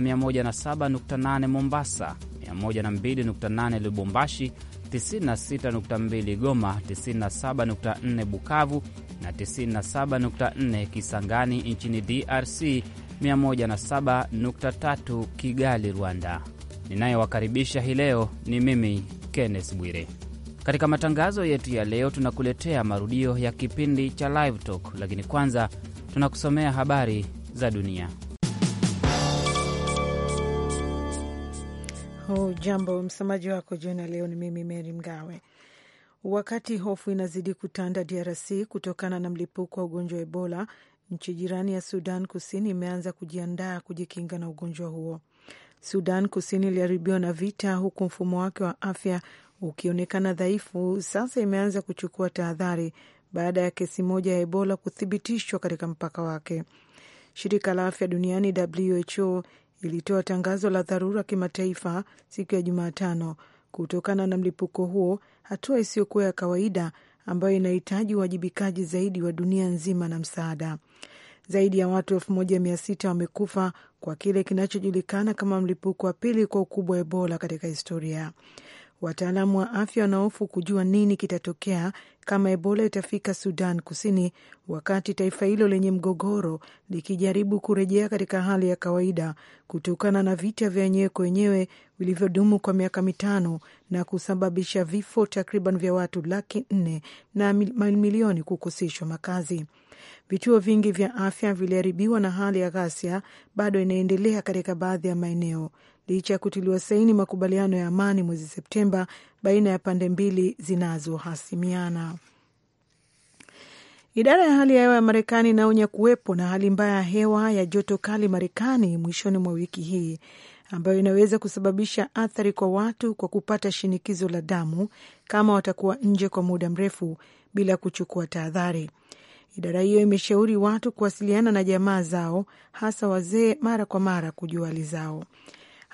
na 107.8 Mombasa, 102.8 Lubumbashi, 96.2 Goma, 97.4 Bukavu na 97.4 Kisangani nchini DRC, 107.3 Kigali, Rwanda. Ninayowakaribisha hii leo ni mimi Kenneth Bwire. Katika matangazo yetu ya leo tunakuletea marudio ya kipindi cha Live Talk, lakini kwanza tunakusomea habari za dunia. Hujambo, msomaji wako Jona. Leo ni mimi Meri Mgawe. Wakati hofu inazidi kutanda DRC kutokana na mlipuko wa ugonjwa wa Ebola, nchi jirani ya Sudan Kusini imeanza kujiandaa kujikinga na ugonjwa huo. Sudan Kusini iliharibiwa na vita, huku mfumo wake wa afya ukionekana dhaifu. Sasa imeanza kuchukua tahadhari baada ya kesi moja ya Ebola kuthibitishwa katika mpaka wake. Shirika la afya duniani WHO ilitoa tangazo la dharura kimataifa siku ya Jumatano kutokana na mlipuko huo, hatua isiyokuwa ya kawaida ambayo inahitaji uwajibikaji zaidi wa dunia nzima na msaada. Zaidi ya watu elfu moja mia sita wamekufa kwa kile kinachojulikana kama mlipuko wa pili kwa ukubwa wa Ebola katika historia. Wataalamu wa afya wanahofu kujua nini kitatokea kama Ebola itafika Sudan Kusini, wakati taifa hilo lenye mgogoro likijaribu kurejea katika hali ya kawaida kutokana na vita vya wenyewe kwa wenyewe vilivyodumu kwa miaka mitano na kusababisha vifo takriban vya watu laki nne na mamilioni kukoseshwa makazi. Vituo vingi vya afya viliharibiwa na hali ya ghasia bado inaendelea katika baadhi ya maeneo, licha ya kutiliwa saini makubaliano ya amani mwezi Septemba baina ya pande mbili zinazohasimiana. Idara ya hali ya hewa ya Marekani inaonya kuwepo na hali mbaya ya hewa ya joto kali Marekani mwishoni mwa wiki hii ambayo inaweza kusababisha athari kwa watu kwa kupata shinikizo la damu kama watakuwa nje kwa muda mrefu bila kuchukua tahadhari. Idara hiyo imeshauri watu kuwasiliana na jamaa zao, hasa wazee, mara kwa mara kujua hali zao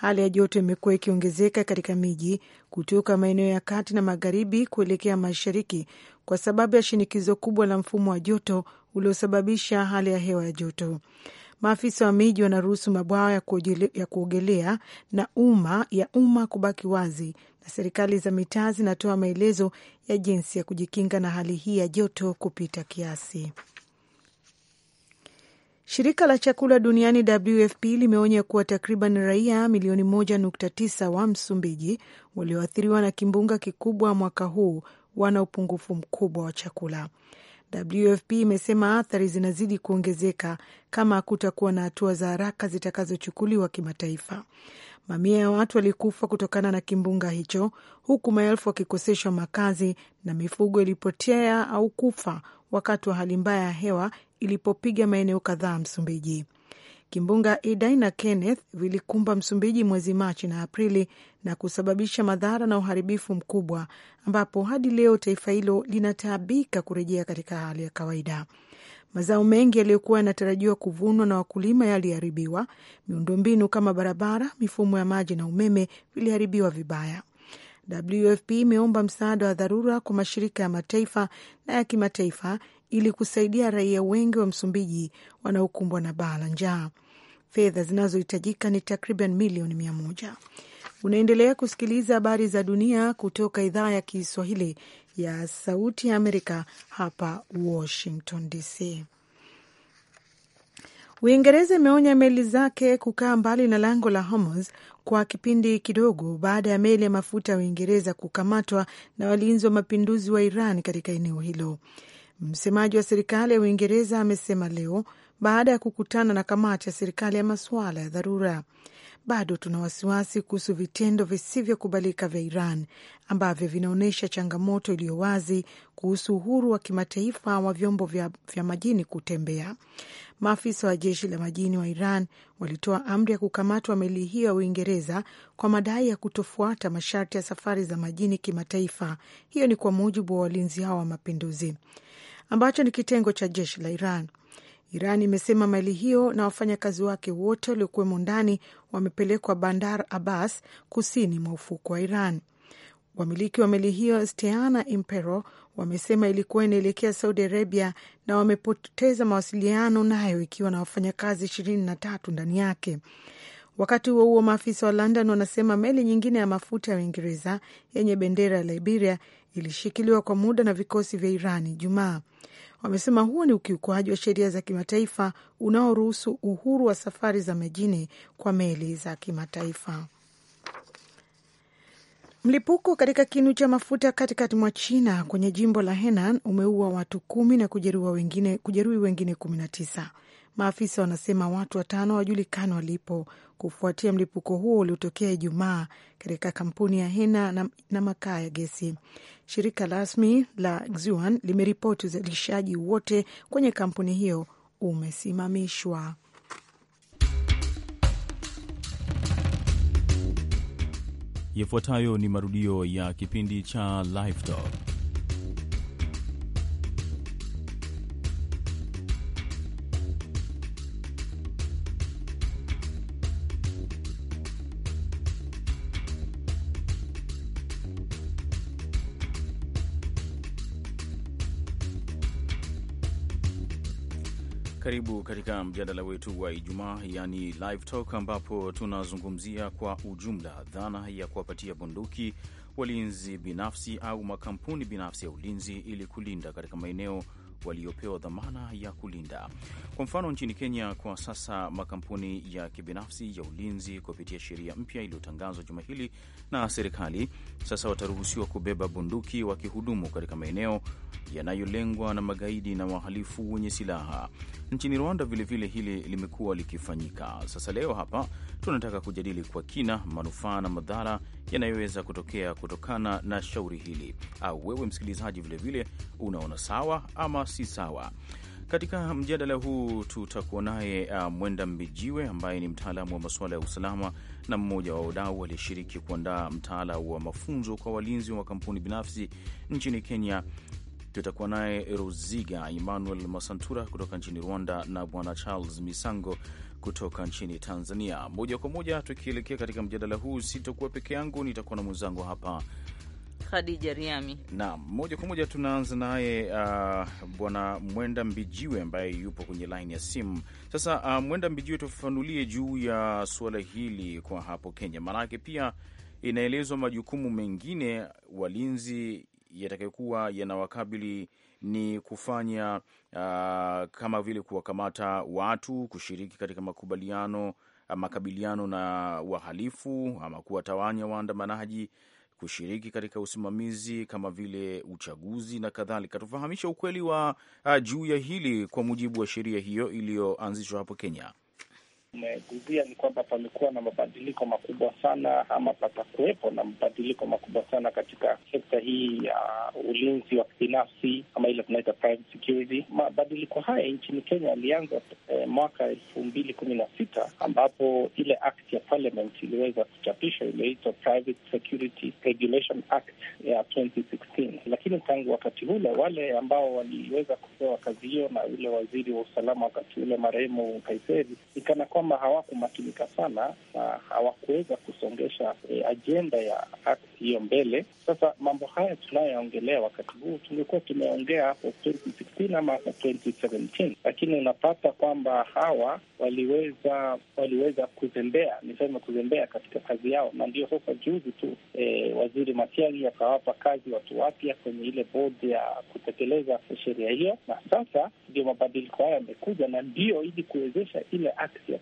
hali ya joto imekuwa ikiongezeka katika miji kutoka maeneo ya kati na magharibi kuelekea mashariki kwa sababu ya shinikizo kubwa la mfumo wa joto uliosababisha hali ya hewa ya joto. Maafisa wa miji wanaruhusu mabwawa ya kuogelea na umma ya umma kubaki wazi, na serikali za mitaa zinatoa maelezo ya jinsi ya kujikinga na hali hii ya joto kupita kiasi. Shirika la chakula duniani WFP limeonya kuwa takriban raia milioni 1.9 wa Msumbiji walioathiriwa na kimbunga kikubwa mwaka huu wana upungufu mkubwa wa chakula. WFP imesema athari zinazidi kuongezeka kama hakutakuwa na hatua za haraka zitakazochukuliwa kimataifa. Mamia ya watu walikufa kutokana na kimbunga hicho, huku maelfu wakikoseshwa makazi na mifugo ilipotea au kufa wakati wa hali mbaya ya hewa ilipopiga maeneo kadhaa Msumbiji. Kimbunga Idai na Kenneth vilikumba Msumbiji mwezi Machi na Aprili na kusababisha madhara na uharibifu mkubwa, ambapo hadi leo taifa hilo linataabika kurejea katika hali ya kawaida. Mazao mengi yaliyokuwa yanatarajiwa kuvunwa na wakulima yaliharibiwa. Miundombinu kama barabara, mifumo ya maji na umeme viliharibiwa vibaya. WFP imeomba msaada wa dharura kwa mashirika ya mataifa na ya kimataifa ili kusaidia raia wengi wa Msumbiji wanaokumbwa na baa la njaa. Fedha zinazohitajika ni takriban milioni mia moja. Unaendelea kusikiliza habari za dunia kutoka idhaa ya Kiswahili ya Sauti ya Amerika hapa Washington DC. Uingereza imeonya meli zake kukaa mbali na lango la Hormuz kwa kipindi kidogo baada ya meli ya mafuta ya Uingereza kukamatwa na walinzi wa mapinduzi wa Iran katika eneo hilo. Msemaji wa serikali ya Uingereza amesema leo baada ya kukutana na kamati ya serikali ya masuala ya dharura bado tuna wasiwasi kuhusu vitendo visivyokubalika vya Iran ambavyo vinaonyesha changamoto iliyo wazi kuhusu uhuru wa kimataifa wa vyombo vya, vya majini kutembea. Maafisa wa jeshi la majini wa Iran walitoa amri ya kukamatwa meli hiyo ya Uingereza kwa madai ya kutofuata masharti ya safari za majini kimataifa. Hiyo ni kwa mujibu wa walinzi hao wa mapinduzi, ambacho ni kitengo cha jeshi la Iran. Iran imesema meli hiyo na wafanyakazi wake wote waliokuwemo ndani wamepelekwa Bandar Abbas, kusini mwa ufuko wa Iran. Wamiliki wa meli hiyo Steana Impero wamesema ilikuwa inaelekea Saudi Arabia na wamepoteza mawasiliano nayo ikiwa na wafanyakazi ishirini na tatu ndani yake. Wakati huo huo, maafisa wa London wanasema meli nyingine ya mafuta ya Uingereza yenye bendera ya Liberia ilishikiliwa kwa muda na vikosi vya Irani Jumaa wamesema huo ni ukiukwaji wa sheria za kimataifa unaoruhusu uhuru wa safari za majini kwa meli za kimataifa. Mlipuko katika kinu cha mafuta katikati mwa China kwenye jimbo la Henan umeua watu kumi na kujeruhi wengine kumi na tisa. Maafisa wanasema watu watano wajulikani walipo kufuatia mlipuko huo uliotokea Ijumaa katika kampuni ya hena na, na makaa ya gesi. Shirika rasmi la Xuan limeripoti uzalishaji wote kwenye kampuni hiyo umesimamishwa. Yafuatayo ni marudio ya kipindi cha Live Karibu katika mjadala wetu wa Ijumaa yani live talk, ambapo tunazungumzia kwa ujumla dhana ya kuwapatia bunduki walinzi binafsi au makampuni binafsi ya ulinzi ili kulinda katika maeneo waliopewa dhamana ya kulinda. Kwa mfano, nchini Kenya kwa sasa makampuni ya kibinafsi ya ulinzi kupitia sheria mpya iliyotangazwa juma hili na serikali, sasa wataruhusiwa kubeba bunduki wakihudumu katika maeneo yanayolengwa na magaidi na wahalifu wenye silaha. Nchini Rwanda vilevile hili limekuwa likifanyika. Sasa leo hapa tunataka kujadili kwa kina manufaa na madhara yanayoweza kutokea kutokana na shauri hili, au wewe msikilizaji vilevile unaona sawa ama si sawa? Katika mjadala huu tutakuwa naye uh, Mwenda Mbijiwe ambaye ni mtaalamu wa masuala ya usalama na mmoja wa wadau aliyeshiriki kuandaa mtaala wa mafunzo kwa walinzi wa makampuni binafsi nchini Kenya. Tutakuwa naye roziga Emmanuel Masantura kutoka nchini Rwanda na Bwana Charles Misango kutoka nchini Tanzania. Moja kwa moja tukielekea katika mjadala huu, sitokuwa peke yangu, nitakuwa na mwenzangu hapa Khadija Riami. Naam, moja kwa moja tunaanza naye uh, bwana Mwenda Mbijiwe ambaye yupo kwenye laini ya simu sasa. Uh, Mwenda Mbijiwe, tufafanulie juu ya suala hili kwa hapo Kenya, maanake pia inaelezwa majukumu mengine walinzi yatakayokuwa yanawakabili ni kufanya uh, kama vile kuwakamata watu kushiriki katika makubaliano ah, makabiliano na wahalifu ama kuwatawanya waandamanaji, kushiriki katika usimamizi kama vile uchaguzi na kadhalika. Tufahamisha ukweli wa uh, juu ya hili kwa mujibu wa sheria hiyo iliyoanzishwa hapo Kenya umeguzia ni kwamba pamekuwa na mabadiliko makubwa sana ama patakuwepo na mabadiliko makubwa sana katika sekta hii ya uh, ulinzi wa kibinafsi ama ile tunaita private security. Mabadiliko haya nchini Kenya yalianza eh, mwaka elfu mbili kumi na sita ambapo ile act ya parliament iliweza kuchapishwa iliyoitwa Private Security Regulation Act ya 2016, lakini tangu wakati ule wale ambao waliweza kupewa kazi hiyo na yule waziri wa usalama wakati ule marehemu Kaiseri ikana kwamba hawakumakinika sana na hawakuweza kusongesha e, eh, ajenda ya Act hiyo mbele. Sasa mambo haya tunayoyaongelea wakati huu tungekuwa tumeongea hapo 2016 ama hapo 2017, lakini unapata kwamba hawa waliweza waliweza kuzembea, niseme kuzembea katika kazi yao, na ndio sasa juzi tu e, waziri Matiang'i akawapa kazi watu wapya kwenye ile bodi ya kutekeleza sheria hiyo, na sasa ndio mabadiliko hayo yamekuja, na ndio ili kuwezesha ile act ya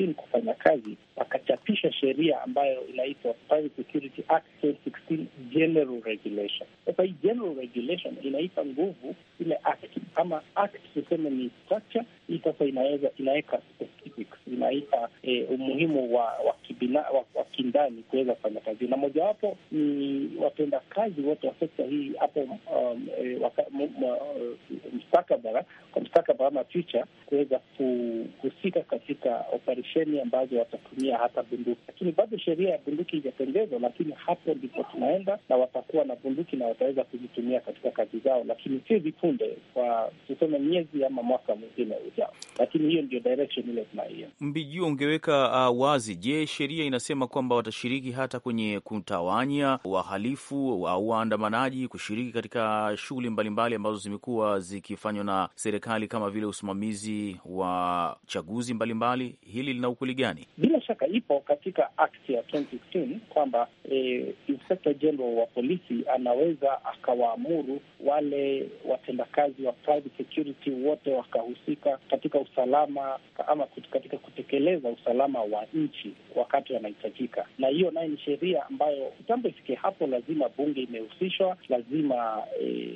2016 kufanya kazi, wakachapisha sheria ambayo inaitwa Security Act Article 16 general regulation. Sasa hii general regulation inaipa nguvu ile act ama act tuseme ni structure hii. Sasa inaweza inaweka specifics, inaipa eh, umuhimu wa wa, kibina, wa, wa kindani kuweza kufanya kazi, na mojawapo ni watenda kazi wote wa sekta hii hapo um, eh, eh, mstakabara kwa mstakabara ama future kuweza kuhusika katika operesheni ambazo watatumia hata bunduki, lakini bado sheria ya bunduki ijatengezwa lakini hapo ndipo tunaenda na watakuwa na bunduki na wataweza kuzitumia katika kazi zao, lakini si vipunde, kwa tuseme miezi ama mwaka mwingine ujao, lakini hiyo ndio direction ile tunaiona. Mbijua, ungeweka uh, wazi. Je, sheria inasema kwamba watashiriki hata kwenye kutawanya wahalifu au waandamanaji, kushiriki katika shughuli mbalimbali ambazo zimekuwa zikifanywa na serikali kama vile usimamizi wa chaguzi mbalimbali mbali. Hili lina ukweli gani? Bila shaka ipo katika Act ya 2016 kwamba e, inspekta jenerali wa polisi anaweza akawaamuru wale watendakazi wa private security wote wakahusika katika usalama ama katika kutekeleza usalama wa nchi wakati wanahitajika, na hiyo naye ni sheria ambayo jambo ifike hapo, lazima bunge imehusishwa, lazima e,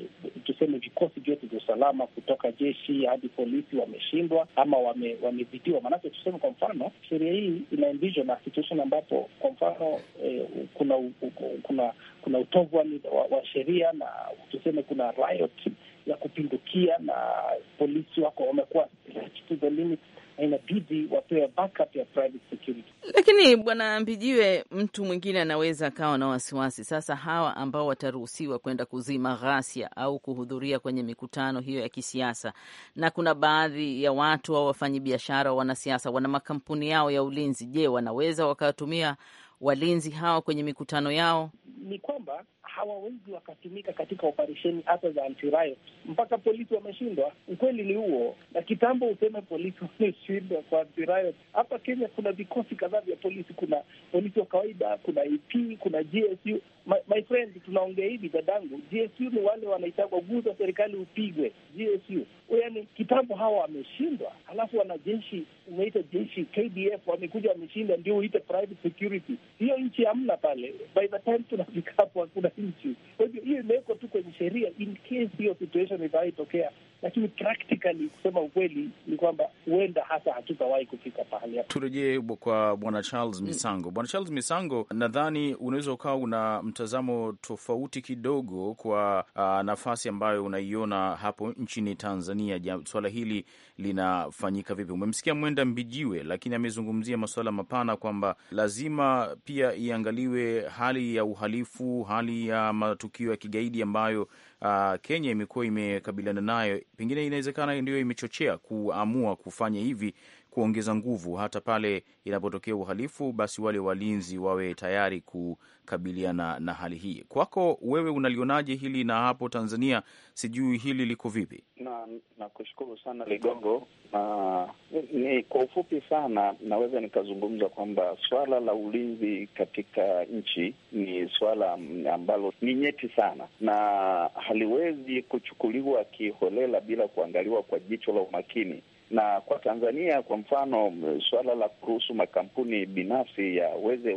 tuseme vikosi vyote vya usalama kutoka jeshi hadi polisi wameshindwa ama wamezidiwa, wame maanake tuseme kwa mfano sheria hii inaendishwa na situation ambapo kwa mfano e, kuna u, u, kuna kuna utovu wa, wa, sheria na tuseme kuna riot ya kupindukia na polisi wako wamekuwa inabidi wapewe backup ya private security. Lakini bwana Mbijiwe, mtu mwingine anaweza akawa na wasiwasi sasa, hawa ambao wataruhusiwa kwenda kuzima ghasia au kuhudhuria kwenye mikutano hiyo ya kisiasa, na kuna baadhi ya watu au wafanyabiashara, wanasiasa, wana makampuni yao ya ulinzi, je, wanaweza wakatumia walinzi hawa kwenye mikutano yao? Ni kwamba hawawezi wakatumika katika operesheni hata za antirayo mpaka polisi wameshindwa. Ukweli ni huo, na kitambo useme polisi wameshindwa kwa antirayo. Hapa Kenya kuna vikosi kadhaa vya polisi, kuna polisi wa kawaida, kuna AP, e kuna GSU. My, my friend, tunaongea hivi dadangu, GSU ni wale wanaitagwa guza serikali upigwe GSU. Yaani kitambo hawa wameshindwa, alafu wanajeshi umeita jeshi KDF wamekuja wameshinda, ndio uite private security. Hiyo nchi hamna pale, by the time tunafika hapo hakuna nchi. Kwa hivyo hiyo imewekwa tu kwenye sheria in case hiyo situation itawai tokea, lakini practically kusema ukweli ni kwamba huenda hasa hatutawahi kufika pahali hapa. Turejee kwa bwana Charles mm. Misango. Mm. Bwana Charles Misango, nadhani unaweza ukawa una mtazamo tofauti kidogo kwa uh, nafasi ambayo unaiona hapo nchini Tanzania. swala hili linafanyika vipi? Umemsikia Mwenda Mbijiwe, lakini amezungumzia masuala mapana kwamba lazima pia iangaliwe hali ya uhalifu, hali ya matukio ya kigaidi ambayo uh, Kenya imekuwa imekabiliana nayo, pengine inawezekana ndio imechochea kuamua kufanya hivi kuongeza nguvu hata pale inapotokea uhalifu, basi wale walinzi wawe tayari kukabiliana na hali hii. Kwako wewe unalionaje hili, na hapo Tanzania sijui hili liko vipi? Na nakushukuru sana Ligongo, na ni kwa ufupi sana naweza nikazungumza kwamba swala la ulinzi katika nchi ni swala ambalo ni nyeti sana na haliwezi kuchukuliwa kiholela bila kuangaliwa kwa jicho la umakini na kwa Tanzania kwa mfano, eh, suala la kuruhusu makampuni binafsi yaweze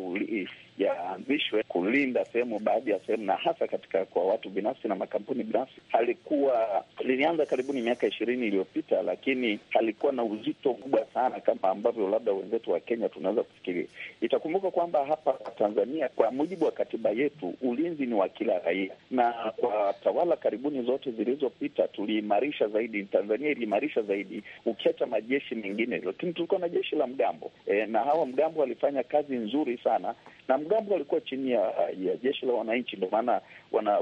yaanzishwe kulinda sehemu, baadhi ya sehemu, na hasa katika kwa watu binafsi na makampuni binafsi. Halikuwa, lilianza karibuni miaka ishirini iliyopita, lakini halikuwa na uzito mkubwa sana kama ambavyo labda wenzetu wa Kenya tunaweza kufikiria. Itakumbuka kwamba hapa Tanzania, kwa mujibu wa katiba yetu, ulinzi ni wa kila raia, na kwa tawala karibuni zote zilizopita tuliimarisha zaidi, Tanzania iliimarisha zaidi, ukiacha majeshi mengine, lakini tulikuwa na jeshi la mgambo e, na hawa mgambo walifanya kazi nzuri sana na Mgambo walikuwa chini ya, ya jeshi la wananchi, ndio maana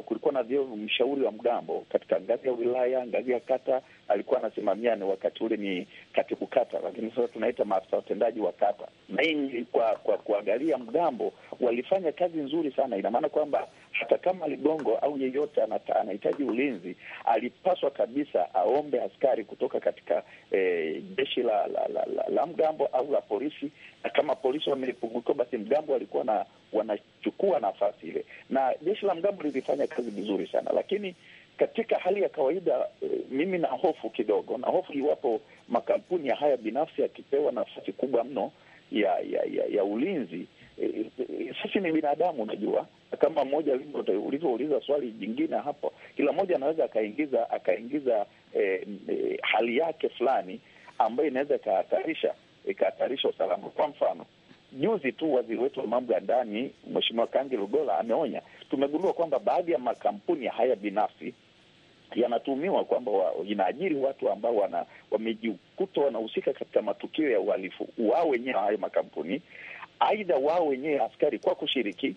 kulikuwa na vyeo mshauri wa Mgambo katika ngazi ya wilaya, ngazi ya kata alikuwa anasimamia ni wakati ule ni katibu kata, lakini sasa tunaita maafisa watendaji wa kata. Na hii kwa kwa kuangalia mgambo walifanya kazi nzuri sana. Ina maana kwamba hata kama Ligongo au yeyote anahitaji ulinzi, alipaswa kabisa aombe askari kutoka katika eh, jeshi la, la, la, la, la mgambo au la polisi, na kama polisi wamepungukiwa, basi mgambo walikuwa na wanachukua nafasi ile, na jeshi la mgambo lilifanya kazi vizuri sana, lakini katika hali ya kawaida eh, mimi na hofu kidogo, na hofu iwapo makampuni ya haya binafsi yakipewa nafasi kubwa mno ya ya, ya, ya ulinzi e, e, sisi ni binadamu, unajua kama mmoja ulivyouliza swali jingine hapo, kila mmoja anaweza akaingiza akaingiza e, e, hali yake fulani ambayo inaweza ikahatarisha ikahatarisha usalama. Kwa mfano juzi tu waziri wetu wa mambo ya ndani Mheshimiwa Kangi Lugola ameonya, tumegundua kwamba baadhi ya makampuni haya binafsi yanatumiwa kwamba wa, inaajiri watu ambao wana, wamejikuta wanahusika katika matukio ya uhalifu wao wenyewe hayo makampuni, aidha wao wenyewe askari kwa kushiriki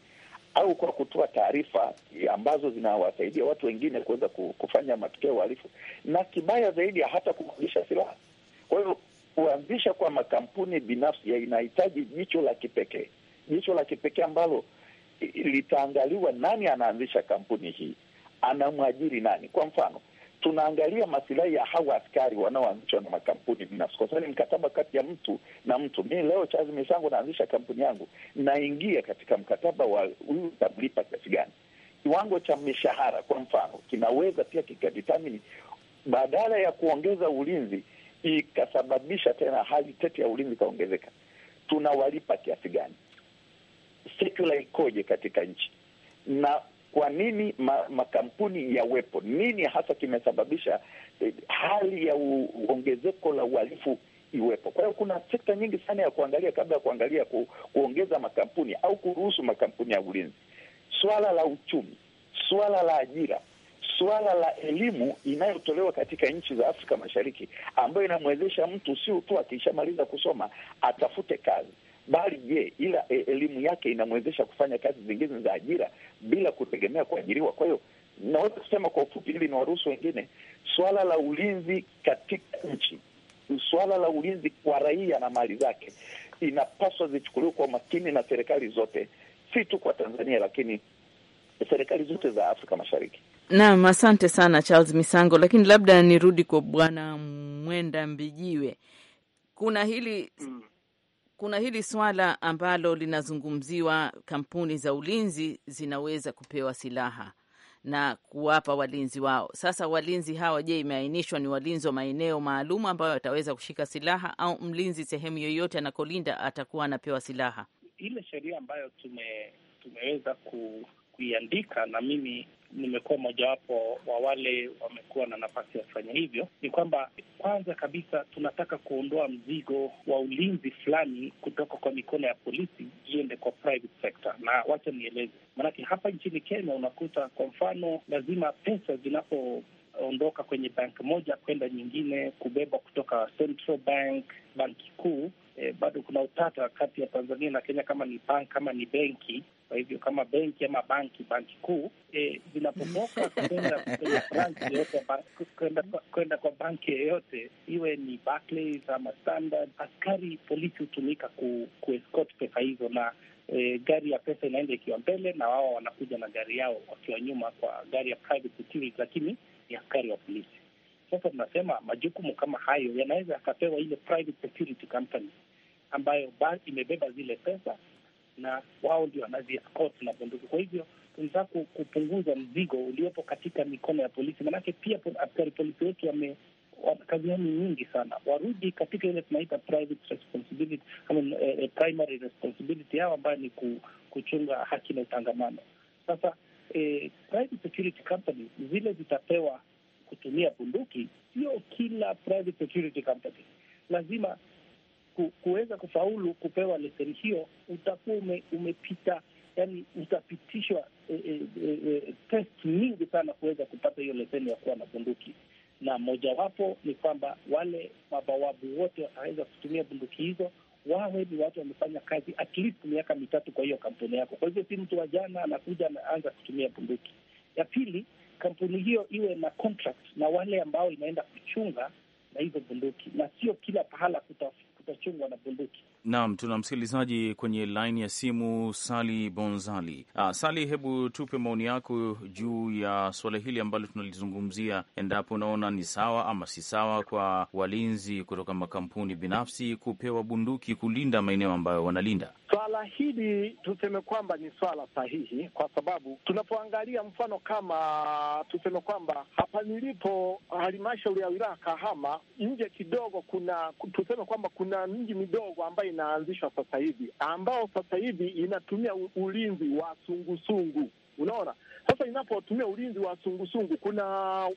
au kwa kutoa taarifa ambazo zinawasaidia watu wengine kuweza kufanya matukio ya uhalifu, na kibaya zaidi ya hata kukodisha silaha. Kwa hiyo kuanzisha kwa makampuni binafsi inahitaji jicho la kipekee, jicho la kipekee ambalo litaangaliwa nani anaanzisha kampuni hii anamwajiri nani? Kwa mfano tunaangalia masilahi ya hawa askari wanaoanzishwa na makampuni binafsi, kwa sababu ni mkataba kati ya mtu na mtu. Mi leo Charles Misango naanzisha kampuni yangu, naingia katika mkataba wa huyu utamlipa kiasi gani. Kiwango cha mishahara kwa mfano kinaweza pia kikadetermine, badala ya kuongeza ulinzi ikasababisha tena hali tete ya ulinzi ikaongezeka. Tunawalipa kiasi gani? Sekula ikoje katika nchi na kwa nini ma, makampuni yawepo? Nini hasa kimesababisha eh, hali ya ongezeko la uhalifu iwepo? Kwa hiyo kuna sekta nyingi sana ya kuangalia kabla ya kuangalia ku, kuongeza makampuni au kuruhusu makampuni ya ulinzi. Swala la uchumi, swala la ajira swala la elimu inayotolewa katika nchi za Afrika Mashariki ambayo inamwezesha mtu sio tu akishamaliza kusoma atafute kazi, bali je, ila e, elimu yake inamwezesha kufanya kazi zingine za ajira bila kutegemea kuajiriwa. Kwa hiyo naweza kusema kwa ufupi, ili ni waruhusu wengine, swala la ulinzi katika nchi, swala la ulinzi kwa raia na mali zake inapaswa zichukuliwe kwa makini na serikali zote, si tu kwa Tanzania, lakini serikali zote za Afrika Mashariki. Naam, asante sana Charles Misango, lakini labda nirudi kwa Bwana Mwenda Mbijiwe. Kuna hili mm kuna hili swala ambalo linazungumziwa, kampuni za ulinzi zinaweza kupewa silaha na kuwapa walinzi wao. Sasa walinzi hawa, je, imeainishwa ni walinzi wa maeneo maalum ambayo wataweza kushika silaha au mlinzi sehemu yoyote anakolinda atakuwa anapewa silaha? Ile sheria ambayo tume, tumeweza ku, kuiandika na mimi nimekuwa mojawapo wa wale wamekuwa na nafasi ya kufanya hivyo, ni kwamba kwanza kabisa tunataka kuondoa mzigo wa ulinzi fulani kutoka kwa mikono ya polisi iende kwa private sector. Na wacha nieleze, maanake hapa nchini Kenya unakuta kwa mfano, lazima pesa zinapo ondoka kwenye bank moja kwenda nyingine, kubebwa kutoka Central Bank, banki kuu, eh, bado kuna utata kati ya Tanzania na Kenya kama ni bank, kama ni benki. Kwa hivyo kama benki ama banki banki kuu e, zinapotoka kwenda kwenye branch yoyote kwenda kwa banki yoyote, iwe ni Barclays ama Standard, askari polisi hutumika ku, kuescort pesa hizo na E, gari ya pesa inaenda ikiwa mbele na wao wanakuja na gari yao wakiwa nyuma kwa gari ya private security, lakini ni askari wa polisi sasa tunasema majukumu kama hayo yanaweza yakapewa ile private security company ambayo imebeba zile pesa na wao ndio wanaziescort na bunduki. Kwa hivyo tunataka kupunguza mzigo uliopo katika mikono ya polisi, manake pia askari ah, polisi wetu wame kazi yani nyingi sana, warudi katika ile tunaita private responsibility eh, eh, primary responsibility yao ambayo ni kuchunga haki na utangamano. Sasa eh, private security company zile zitapewa kutumia bunduki, sio kila private security company lazima kuweza kufaulu kupewa leseni hiyo, utakuwa ume, umepita yani utapitishwa e, e, e, test nyingi sana kuweza kupata hiyo leseni ya kuwa na bunduki, na mojawapo ni kwamba wale mabawabu wote wataweza kutumia bunduki hizo wawe ni watu wamefanya kazi at least miaka mitatu kwa hiyo kampuni yako. Kwa hivyo si mtu wa jana anakuja anaanza kutumia bunduki. Ya pili kampuni hiyo iwe na contract na wale ambao inaenda kuchunga na hizo bunduki, na sio kila pahala kutachungwa na bunduki. Naam, tuna msikilizaji kwenye laini ya simu, Sali Bonzali. Ah, Sali, hebu tupe maoni yako juu ya suala hili ambalo tunalizungumzia, endapo unaona ni sawa ama si sawa kwa walinzi kutoka makampuni binafsi kupewa bunduki kulinda maeneo ambayo wanalinda swala hili tuseme kwamba ni swala sahihi, kwa sababu tunapoangalia mfano kama tuseme kwamba hapa nilipo halmashauri ya wilaya Kahama, nje kidogo kuna tuseme kwamba kuna mji midogo ambayo inaanzishwa sasa hivi, ambao sasa hivi inatumia ulinzi wa sungusungu, unaona sasa inapotumia ulinzi wa sungusungu, kuna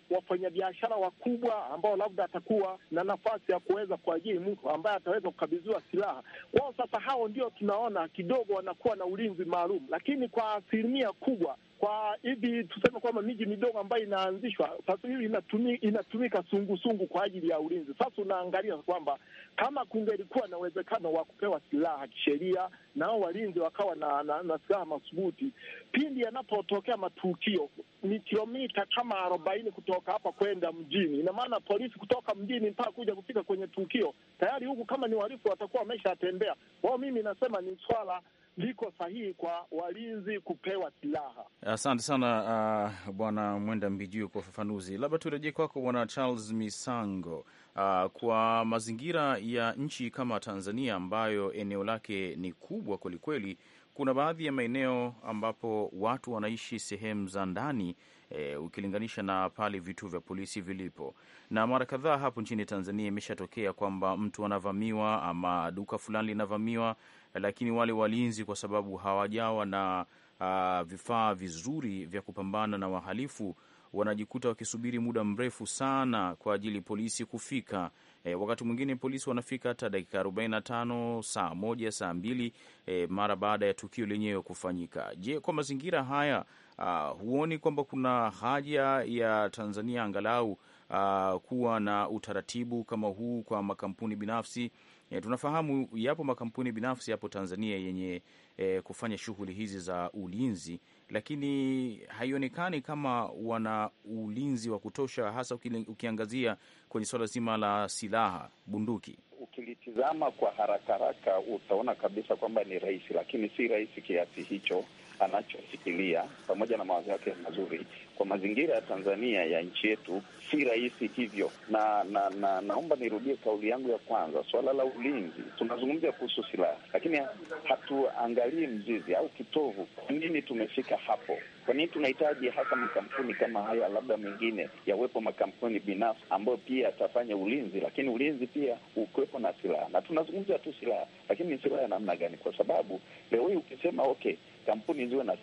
wafanyabiashara wakubwa ambao labda atakuwa na nafasi ya kuweza kuajiri mtu ambaye ataweza kukabidhiwa silaha kwao. Sasa hao ndio tunaona kidogo wanakuwa na ulinzi maalum, lakini kwa asilimia kubwa kwa hivi tuseme kwamba miji midogo ambayo inaanzishwa sasa hivi inatumi, inatumika sungusungu kwa ajili ya ulinzi. Sasa unaangalia kwamba kama kungelikuwa na uwezekano wa kupewa silaha kisheria, nao walinzi wakawa na, na, na silaha madhubuti, pindi yanapotokea matukio ni kilomita kama arobaini kutoka hapa kwenda mjini. Ina maana polisi kutoka mjini mpaka kuja kufika kwenye tukio tayari, huku kama ni uhalifu watakuwa wameshatembea wao. Mimi nasema ni swala liko sahihi kwa walinzi kupewa silaha. Asante sana uh, Bwana Mwenda Mbijuu kwa ufafanuzi. Labda turejee kwako Bwana Charles Misango. Uh, kwa mazingira ya nchi kama Tanzania ambayo eneo lake ni kubwa kwelikweli, kuna baadhi ya maeneo ambapo watu wanaishi sehemu za ndani e, ukilinganisha na pale vituo vya polisi vilipo, na mara kadhaa hapo nchini Tanzania imeshatokea kwamba mtu anavamiwa ama duka fulani linavamiwa lakini wale walinzi kwa sababu hawajawa na uh, vifaa vizuri vya kupambana na wahalifu wanajikuta wakisubiri muda mrefu sana kwa ajili polisi kufika. E, wakati mwingine polisi wanafika hata dakika 45, saa moja, saa mbili, e, mara baada ya tukio lenyewe kufanyika. Je, kwa mazingira haya uh, huoni kwamba kuna haja ya Tanzania angalau uh, kuwa na utaratibu kama huu kwa makampuni binafsi E, tunafahamu yapo makampuni binafsi hapo Tanzania yenye e, kufanya shughuli hizi za ulinzi, lakini haionekani kama wana ulinzi wa kutosha, hasa ukiangazia kwenye suala zima la silaha bunduki. Ukilitizama kwa haraka haraka utaona kabisa kwamba ni rahisi, lakini si rahisi kiasi hicho anachoshikilia, pamoja na mawazo yake mazuri, kwa mazingira ya Tanzania ya nchi yetu si rahisi hivyo, na na, na naomba nirudie kauli yangu ya kwanza. Suala la ulinzi, tunazungumzia kuhusu silaha, lakini hatuangalii mzizi au kitovu. Kwa nini tumefika hapo? Kwa nini tunahitaji hasa makampuni kama haya? Labda mengine yawepo makampuni binafsi ambayo pia yatafanya ulinzi, lakini ulinzi pia ukuwepo na silaha. Na tunazungumzia tu silaha, lakini ni silaha ya namna gani? Kwa sababu leo hii ukisema okay, kampuni ziwe na,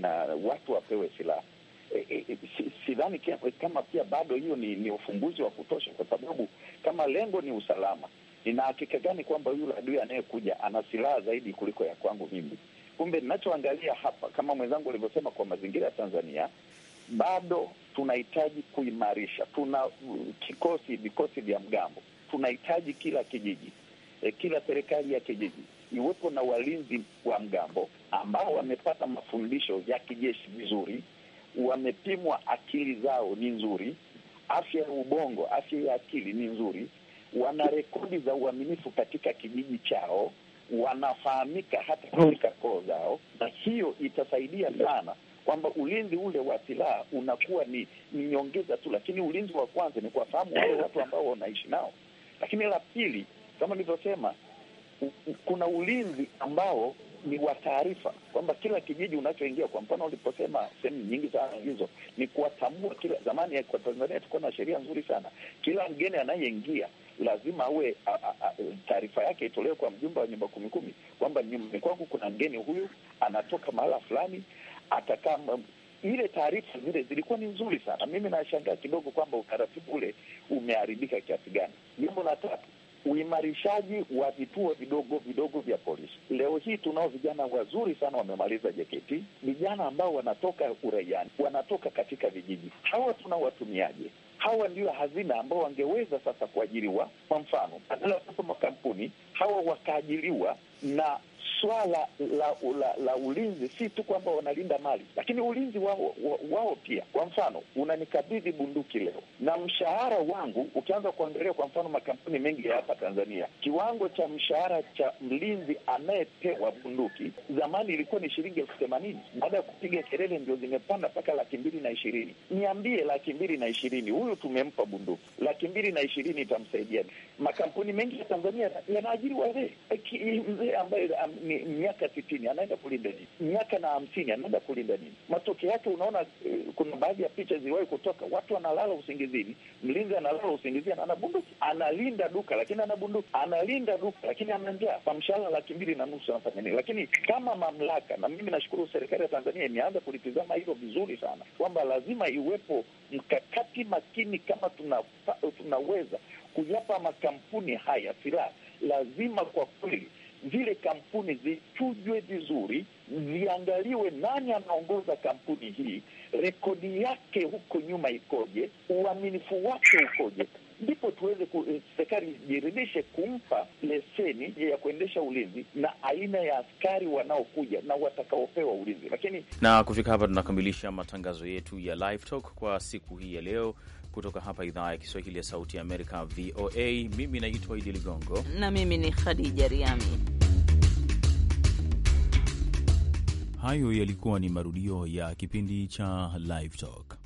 na watu wapewe silaha Eh, eh, sidhani eh, kama pia bado hiyo ni, ni ufumbuzi wa kutosha, kwa sababu kama lengo ni usalama, nina hakika gani kwamba yule adui anayekuja ana silaha zaidi kuliko ya kwangu mimi? Kumbe ninachoangalia hapa, kama mwenzangu alivyosema, kwa mazingira ya Tanzania bado tunahitaji kuimarisha, tuna uh, kikosi, vikosi vya mgambo, tunahitaji kila kijiji e, kila serikali ya kijiji iwepo na walinzi wa mgambo ambao wamepata mafundisho ya kijeshi vizuri wamepimwa, akili zao ni nzuri, afya ya ubongo, afya ya akili ni nzuri, wana rekodi za uaminifu katika kijiji chao, wanafahamika hata katika koo zao, na hiyo itasaidia sana kwamba ulinzi ule wa silaha unakuwa ni, ni nyongeza tu, lakini ulinzi wa kwanza ni kuwafahamu wale watu ambao wanaishi nao. Lakini la pili, kama nilivyosema, kuna ulinzi ambao ni wa taarifa, kwamba kila kijiji unachoingia, kwa mfano uliposema sehemu nyingi sana hizo ni kuwatambua kila. Zamani kwa Tanzania tulikuwa na sheria nzuri sana, kila mgeni anayeingia lazima awe taarifa yake itolewe kwa mjumbe wa nyumba kumi kumi, kwamba nyumbani kwangu kuna mgeni huyu anatoka mahala fulani, atakaa ile taarifa zile zilikuwa ni nzuri sana. Mimi nashangaa kidogo kwamba utaratibu ule umeharibika kiasi gani. Jambo la tatu uimarishaji wa vituo vidogo vidogo vya polisi. Leo hii tunao vijana wazuri sana wamemaliza JKT, vijana ambao wanatoka uraiani, wanatoka katika vijiji. Hawa tunawatumiaje? Hawa ndio hazina ambao wangeweza sasa kuajiriwa. Kwa mfano, badala ya makampuni, hawa wakaajiriwa na swala la, la, la ulinzi si tu kwamba wanalinda mali, lakini ulinzi wao wao pia. Kwa mfano, unanikabidhi bunduki leo na mshahara wangu, ukianza kuangalia kwa mfano makampuni mengi ya hapa Tanzania, kiwango cha mshahara cha mlinzi anayepewa bunduki zamani ilikuwa ni shilingi elfu themanini baada ya kupiga kelele ndio zimepanda mpaka laki mbili na ishirini. Niambie, laki mbili na ishirini huyu tumempa bunduki, laki mbili na ishirini itamsaidia Makampuni mengi ya Tanzania yanaajiri wazee. Mzee ambaye miaka sitini anaenda kulinda nini? Miaka na hamsini anaenda kulinda nini? Matokeo yake unaona, eh, kuna baadhi ya picha ziliwahi kutoka, watu analala usingizini, mlinzi analala usingizini, ana bunduki, analinda duka lakini ana bunduki, analinda duka lakini ana njaa. Kwa mshahara laki mbili na nusu anafanya nini? Lakini kama mamlaka, na mimi nashukuru serikali ya Tanzania imeanza kulitizama hilo vizuri sana, kwamba lazima iwepo mkakati makini, kama tuna, tunaweza kuyapa makampuni haya silaha, lazima kwa kweli zile kampuni zichujwe vizuri, ziangaliwe nani anaongoza kampuni hii, rekodi yake huko nyuma ikoje, uaminifu wake ukoje ndipo tuweze eh, serikali jiridishe kumpa leseni ya kuendesha ulinzi na aina ya askari wanaokuja na watakaopewa ulinzi. Lakini na kufika hapa, tunakamilisha matangazo yetu ya Live Talk kwa siku hii ya leo kutoka hapa idhaa ya Kiswahili ya Sauti ya Amerika, VOA. Mimi naitwa Idi Ligongo na mimi ni Khadija Riami. Hayo yalikuwa ni marudio ya kipindi cha Live Talk.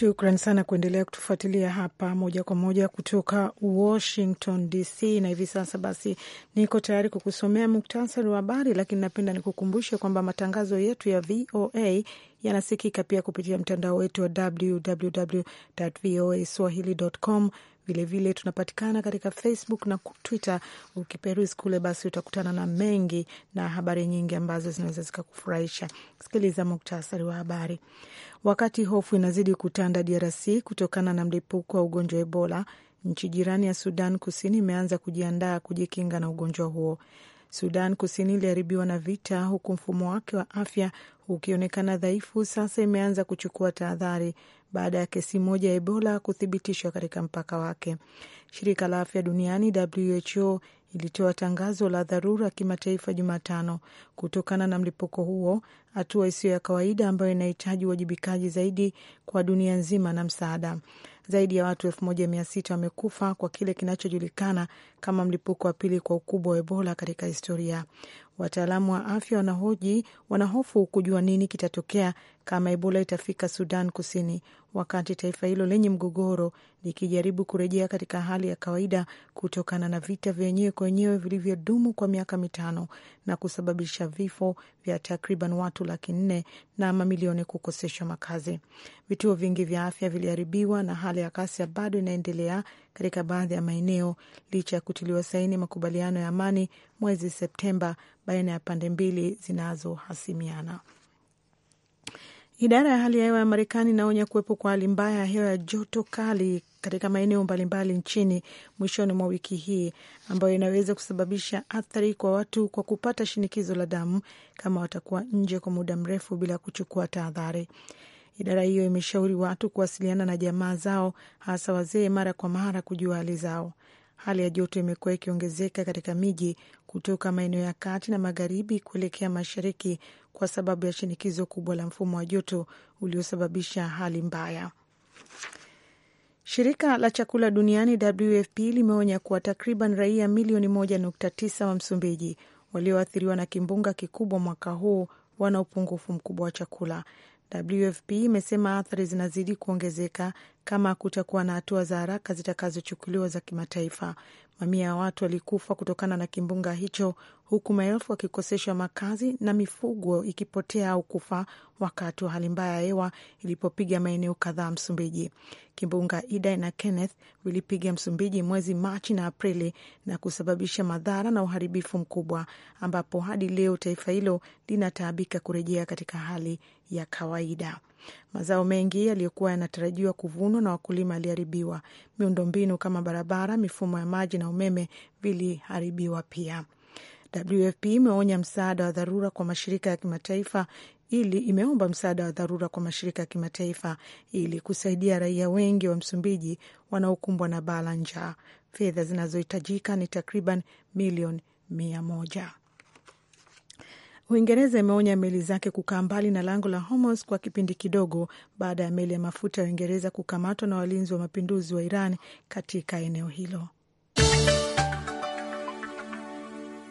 Shukran sana kuendelea kutufuatilia hapa moja kwa moja kutoka Washington DC, na hivi sasa basi niko tayari kukusomea muktasari wa habari, lakini napenda nikukumbushe kwamba matangazo yetu ya VOA yanasikika pia kupitia mtandao wetu wa www voa swahili.com Vilevile tunapatikana katika Facebook na Twitter. Ukiperuzi kule, basi utakutana na mengi na habari nyingi ambazo zinaweza zikakufurahisha. Sikiliza muktasari wa habari. Wakati hofu inazidi kutanda DRC kutokana na mlipuko wa ugonjwa wa Ebola, nchi jirani ya Sudan Kusini imeanza kujiandaa kujikinga na ugonjwa huo. Sudan Kusini iliharibiwa na vita, huku mfumo wake wa afya ukionekana dhaifu. Sasa imeanza kuchukua tahadhari baada ya kesi moja ya Ebola kuthibitishwa katika mpaka wake. Shirika la Afya Duniani WHO ilitoa tangazo la dharura kimataifa Jumatano kutokana na mlipuko huo, hatua isiyo ya kawaida ambayo inahitaji uwajibikaji zaidi kwa dunia nzima na msaada. Zaidi ya watu elfu moja mia sita wamekufa kwa kile kinachojulikana kama mlipuko wa pili kwa ukubwa wa Ebola katika historia. Wataalamu wa afya wanahoji wanahofu kujua nini kitatokea kama Ebola itafika Sudan Kusini, wakati taifa hilo lenye mgogoro likijaribu kurejea katika hali ya kawaida kutokana na vita vya wenyewe kwa wenyewe vilivyodumu kwa miaka mitano na kusababisha vifo vya takriban watu laki nne na mamilioni kukoseshwa makazi. Vituo vingi vya afya viliharibiwa na hali ya ghasia bado inaendelea katika baadhi ya maeneo licha ya kutiliwa saini makubaliano ya amani mwezi Septemba baina ya pande mbili zinazohasimiana. Idara ya hali ya hewa ya Marekani inaonya kuwepo kwa hali mbaya ya hewa ya joto kali katika maeneo mbalimbali nchini mwishoni mwa wiki hii ambayo inaweza kusababisha athari kwa watu kwa kupata shinikizo la damu kama watakuwa nje kwa muda mrefu bila kuchukua tahadhari. Idara hiyo imeshauri watu kuwasiliana na jamaa zao, hasa wazee, mara kwa mara kujua hali zao. Hali ya joto imekuwa ikiongezeka katika miji kutoka maeneo ya kati na magharibi kuelekea mashariki kwa sababu ya shinikizo kubwa la mfumo wa joto uliosababisha hali mbaya. Shirika la chakula duniani WFP limeonya kuwa takriban raia milioni 1.9 wa Msumbiji walioathiriwa na kimbunga kikubwa mwaka huu wana upungufu mkubwa wa chakula. WFP imesema athari zinazidi kuongezeka kama kutakuwa na hatua za haraka zitakazochukuliwa za kimataifa. Mamia ya watu walikufa kutokana na kimbunga hicho huku maelfu wakikoseshwa makazi na mifugo ikipotea au kufa wakati wa hali mbaya ya hewa ilipopiga maeneo kadhaa Msumbiji. Kimbunga Idai na Kenneth vilipiga Msumbiji mwezi Machi na Aprili na kusababisha madhara na uharibifu mkubwa, ambapo hadi leo taifa hilo linataabika kurejea katika hali ya kawaida. Mazao mengi yaliyokuwa yanatarajiwa kuvunwa na wakulima yaliharibiwa. Miundombinu kama barabara, mifumo ya maji na umeme viliharibiwa pia. WFP imeonya msaada wa dharura kwa mashirika ya kimataifa ili imeomba msaada wa dharura kwa mashirika ya kimataifa ili kusaidia raia wengi wa Msumbiji wanaokumbwa na baa la njaa. Fedha zinazohitajika ni takriban milioni mia moja. Uingereza imeonya meli zake kukaa mbali na lango la Hormuz kwa kipindi kidogo baada ya meli ya mafuta ya Uingereza kukamatwa na walinzi wa mapinduzi wa Iran katika eneo hilo.